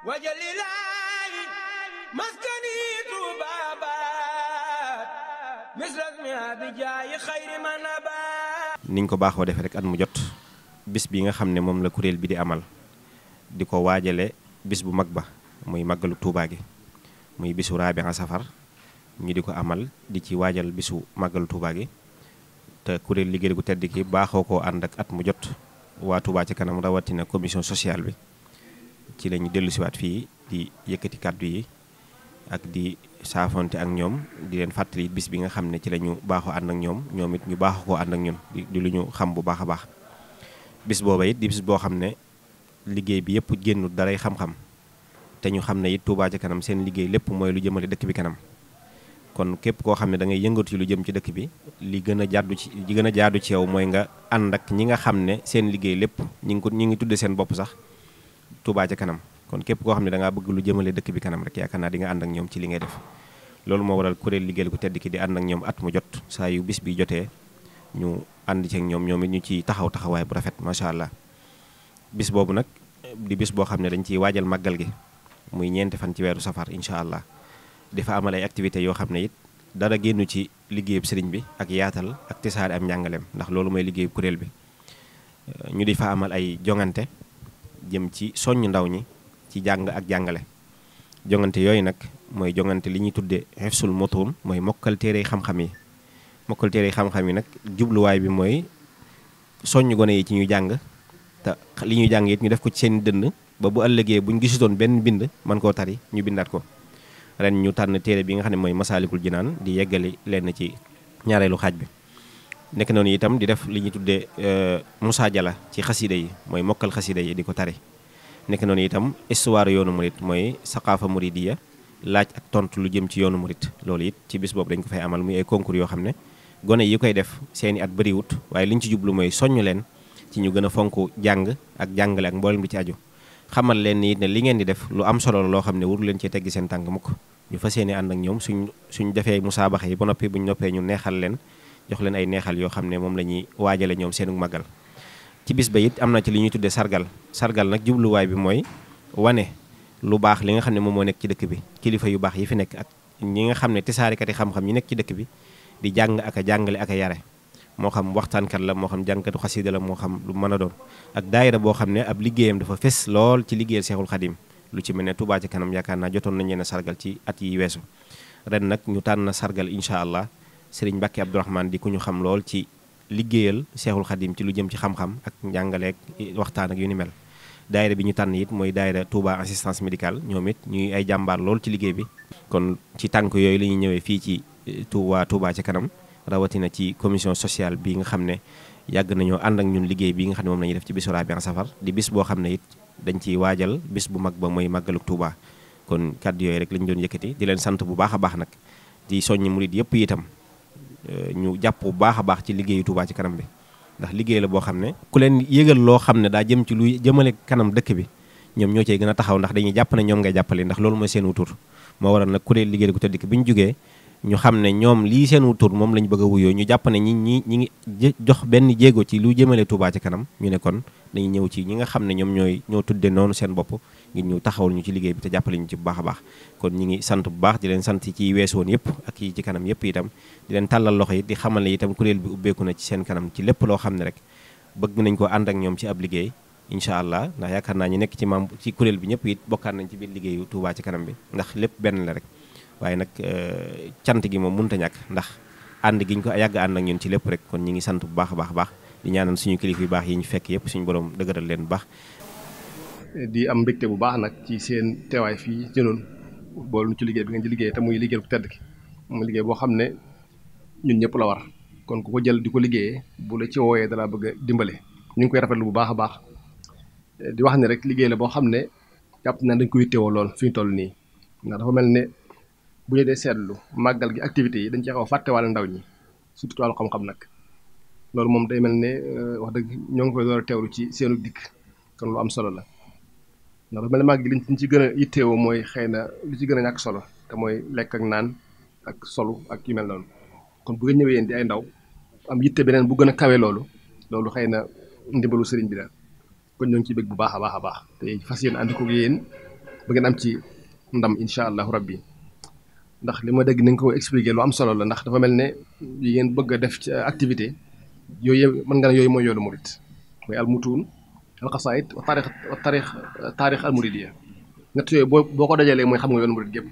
wajalilaahi niñ ko baaxoo defee rek at mu jot bis bi nga xam ne moom la kuréel bi di amal di ko waajale bis bu mag ba muy màggalu tuubaa gi muy bisu raabi nga safar ñu di ko amal di ci waajal bisu màggalu tuubaa gi te kuréel liggéey gu tedd ki baaxoo ko ànd ak at mu jot waa Touba ci kanam rawatina commission sociale bi ci lañu dellusiwaat fii di yëkkati kàddu yi ak di saafonte ak ñoom di leen fàttali bis bi nga xam ne ci lañu ñu baaxoo ànd ak ñoom ñoom it ñu baaxu koo ànd ak ñun di lu ñu xam bu baax a baax bis booba it di bis boo xam ne liggéey bi yëpp génnul daray xam-xam te ñu xam ne it Touba ca kanam seen liggéey lépp mooy lu jëmale dëkk bi kanam kon képp koo xam ne dangay ngay yëngatu lu jëm ci dëkk bi li gën a jàddu ci li gën a jaadu ci yow mooy nga ànd ak ñi nga xam ne seen liggéey lépp ñi ngi ko ñi ngi tudde seen bopp sax Touba ci kanam kon képp koo xam ne da bëgg lu jëmale dëkk bi kanam rek yaakaar naa di ànd ak ñoom ci li ngay def loolu moo waral kuréel liggéeyal ku tedd ki di ànd ak ñoom at mu jot saa yu bis bi jotee ñu ànd ci ak ñoom ñoom it ñu ciy taxaw taxawaay bu rafet macha allah bis boobu nag di bis boo xam ne dañ ciy waajal màggal gi muy ñeenti fan ci weeru safar incha allah di fa amal ay activités yoo xam ne it dara génn ci liggéeyub sëriñ bi ak yaatal ak tisaare am njàngaleem ndax loolu mooy liggéeyub kuréel bi ñu di fa amal ay jongante jëm ci soññ ndaw ñi ci jàng ak jàngale jongante yooyu nag mooy jongante li ñuy tudde xefsul motuum mooy mokkal téere xam-xam yi mokkal téere xam yi nag jubluwaay bi mooy soññ gone yi ci ñu jàng te li ñuy jàng it ñu def ko ci seen dënn ba bu ëllëgee buñ gisutoon benn bind man koo tari ñu bindaat ko ren ñu tànn téere bi nga xam ne mooy masaalikul jinaan di yeggali lenn ci ñaareelu xaaj bi nekk noonu itam di def li ñuy tuddee euh, Moussa jala ci xasida yi mooy mokkal xasida yi di ko tari nekk noonu itam histoire yoonu it mooy saqaafa muridiya laaj ak tontu lu jëm ci yoonu murit loolu it ci bis boobu dañ ko fay amal muy ay concours yoo xam ne gone yi koy def seeni at bëriwut waaye li ñu ci jublu mooy soññ leen ci ñu gën a fonk jàng ak jàngale ak mboolem bi ci aju xamal leen nii ne li ngeen di def lu am solo la loo xam ne waru leen cee teggi seen tànk mukk ñu fas yéene ànd ak ñoom suñ suñ defee musaabaxa yi ba noppi buñ noppee ñu neexal leen jox leen ay neexal yoo xam ne moom la ñuy waajale ñoom seenu magal ci bis ba it am na ci li ñuy tuddee sargal sargal nag jubluwaay bi mooy wane lu baax li nga xam ne moom moo nekk ci dëkk bi kilifa yu baax yi fi nekk ak ñi nga xam ne tisaarikati xam-xam yi nekk ci dëkk bi di jàng ak jàngale ak yare moo xam waxtaankat la moo xam jàngkatu xasida la moo xam lu mën a doon ak daayira boo xam ne ab liggéeyam dafa fes lool ci liggéeyal seexul xadim lu ci mel ne Touba ci kanam yaakaar naa jotoon nañ leen a sargal ci at yi weesu ren nag ñu tànn na sargal incha allah sëriñ Mbacke Abdourahmane di ku ñu xam lool ci liggéeyal seexul xadim ci lu jëm ci xam-xam ak njàngaleek waxtaan ak yu ni mel daayira bi ñu tànn yit mooy daayira Touba assistance médical ñoom it ñuy ay jàmbaar lool ci liggéey bi kon ci tànk yooyu la ñuy ñëwee fii ci eh, Touba Touba ci kanam rawatina ci commission sociale bi nga xam ne yàgg nañoo ànd ak ñun liggéey bi nga xam ne moom la def ci bisu Rabian Safar di bis boo xam ne it dañ ciy waajal bis bu mag ba mooy màggaluk Touba kon kàddu yooyu rek lañ doon yëkkati di leen sant bu baax a baax nag di soññ murid yëpp itam Euh, ñu jàpp bu baax a baax ci liggéeyu Touba ci kanam bi ndax liggéey la boo xam ne ku leen yëgal loo xam ne daa jëm ci luy jëmale kanam dëkk bi ñoom ñoo cey gën a taxaw ndax dañuy jàpp ne ñoom ngay jàppale ndax loolu mooy seen wutur moo waral nag kuréel liggéey ku tedd ki bi ñu jógee ñu xam ne ñoom lii seen wutur moom lañ bëgg a ñu jàpp ne ñi ñi ñi ngi jox benn jéego ci lu jëmale Touba ci kanam ñu ne kon dañuy ñëw ci ñi nga xam ne ñoom ñooy ñoo tudde noonu seen bopp ngir ñu taxawal ñu ci liggéey bi te jàppale ñu ci bu baax a baax kon ñi ngi sant bu baax di leen sant ci wees woon yëpp ak yi kanam yëpp itam leen tàllal loxo yi di xamal itam kuréel bi ubbeeku na ci seen kanam ci lépp loo xam ne rek bëgg nañ ko ànd ak ñoom ci ab liggéey incha allah ndax yaakaar naa ñu nekk ci membre ci kuréel bi ñëpp it bokkaat nañ ci biir liggéeyu Touba ci kanam bi ndax lépp benn la rek waaye nag euh, cant gi moom mënut a ñàkk ndax ànd giñ ko yàgg ànd ak ñun ci lépp rek kon ñi ngi sant bu baax a baax baax di ñaanal suñu kilifa yu baax yi ñu fekk yëpp suñu borom dëgëral leen baax di am mbégte bu baax nag ci seen teewaay fii jënoon bool nu ci liggéey bi ngeen ci liggéey te muy liggéey bu tedd ki mu liggéey boo xam ne ñun ñëpp la war kon ku ko jël di ko liggéeyee bu la ci wooyee dalaa bëgg a dimbale ñu ngi koy rafetlu bu baax a baax di wax ne rek liggéey la boo xam ne jàpp na dañ koy teewoo lool fi toll nii ndax dafa mel ne bu ñu dee seetlu màggal gi activités yi dañ ci xaw a fàttewaale ndaw ñi surtout wàllu xam-xam nag loolu moom day mel ne euh, wax dëgg ñoo ngi koy door a teewlu ci seenu dikk kon lu am solo la ndax lu mel ne màgg gi liñ ci gën a yittewoo mooy xëy na li ci gën a ñàkk solo te mooy lekk ak naan ak solu ak yu mel noonu kon bu nga ñëwee di ay ndaw am yitte beneen bu gën a kawe loolu loolu xëy na ndimbalu sëriñ bi la kon ñoo ngi ciy bëgg bu baax a baax a baax te fas yéen ànd ko yéen ba ngeen am ci ndam incha allahu yi ndax li ma dégg ni ko expliquer lu am solo la ndax dafa mel ne yi ngeen bëgg a def ci activité yooyu mën nga ne yooyu mooy yoonu murit mooy almutuun alxasaayid wa taarix wa taarix taarix almuridiya ñett yooyu boo ko dajalee mooy xam nga yoonu murid gépp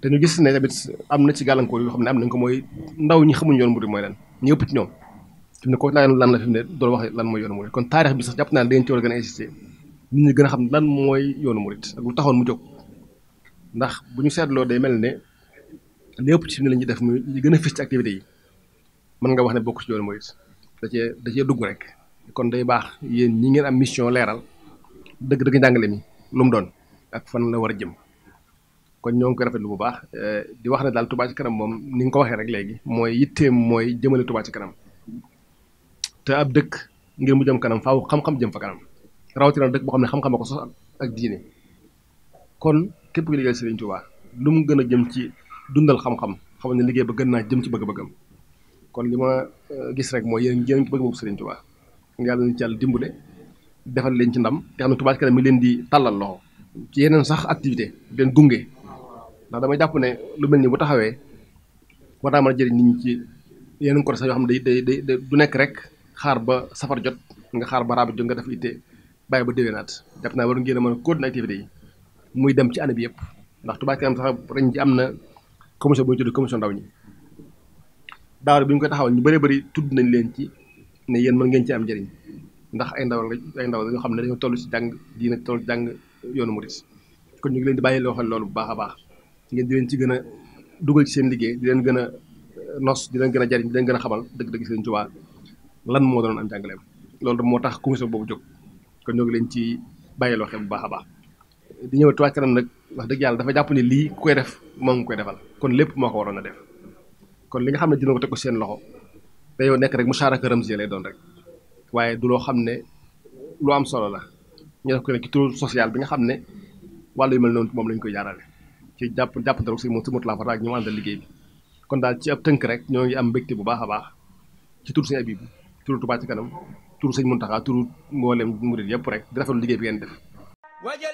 te ñu gis ne tamit am na ci gàllankoor yoo xam ne am nañ ko mooy ndaw ñi xamuñ yoonu murid mooy lan ñu ëpp ci ñoom fi mu ne ko lan la fi mu ne doon wax mooy kon taarix bi sax jàpp naa ne dañ a gën a insister nit gën a xam lan mooy yoonu murid ak lu mu jóg ndax bu ñu seetloo day mel ne lépp ci ne la ñuy def mu li gën a fës ci activités yi mën nga wax ne bokk ci yoonu murid da cee da dugg rek kon day baax yéen ñi ngeen am mission leeral dëgg-dëgg njàngale mi lu mu doon ak fan la war a jëm kon ñoo ngi koy rafetlu bu baax eh, di wax ne daal Touba ci kanam moom ni nga ko waxee rek léegi mooy yitteem mooy jëmale Touba ci kanam te ab dëkk ngir mu jëm kanam faw xam-xam jëm fa kanam rawatina dëkk boo xam ne xam-xam ko sos ak diine kon képp ku liggéey Serigne Touba lu mu gën a jëm ci dundal xam-xam xamal ne liggéey ba gën naa jëm ci bëgg-bëggam kon li ma eh, gis rek mooy yéen yéen bëgg boobu Serigne yàlla na ci yàlla dimbale defal leen ci ndam te xam ne Touba ca kanam mi leen di tàllal loxo ci yeneen sax activité leen gunge ndax damay jàpp ne lu mel ni bu taxawee war naa mën a jëriñ nit ñi ci yeneen côté sax yoo xam ne day day day nekk rek xaar ba safar jot nga xaar ba rabi jot nga def itte bàyyi ba déwénaat jàpp naa war ngeen a mën a muy dem ci année bi yëpp ndax Touba kanam sax ren ji am na commission bu ñu tudd commission ndaw ñi daawar bi ñu koy taxawal ñu bëree bëri tudd nañ leen ci ne yéen man ngeen ci am njëriñ ndax ay ndaw la ay ndaw la yoo xam ne dañoo toll si jàng diina toll jàng yoonu murit kon ñu ngi leen di bàyyi loo xel loolu bu baax a baax ngeen di leen ci gën a dugal ci seen liggéey di leen gën a nos di gën a jariñ di leen gën a xamal dëgg-dëgg Sëriñ Tuubaa lan moo doon am jàngaleem loolu moo tax commission boobu jóg kon ñoo leen ci bàyyi loo bu baax a baax di ñëw Touba ca kanam nag wax dëgg yàlla dafa jàpp ne lii ku koy def moo ngi koy defal kon lépp moo ko waroon a def kon li nga xam ne dina ko te ko seen loxo te yow nekk rek musharaka ramziya lay doon rek waaye du loo xam ne lu am solo la ñu def ko nekk ci turu social bi nga xam ne wàllu yu mel noonu moom lañ koy jaarale ci jàpp jàpp ndarog si moom si motulaa fa ak ñu àndal liggéey bi kon tënk rek ñoo ngi am mbégte bu baax a baax ci turu sëñ Habib turu Touba ci kanam turu sëñ Mountakha turu mboolem murid yëpp rek di rafetlu liggéey bi ngeen def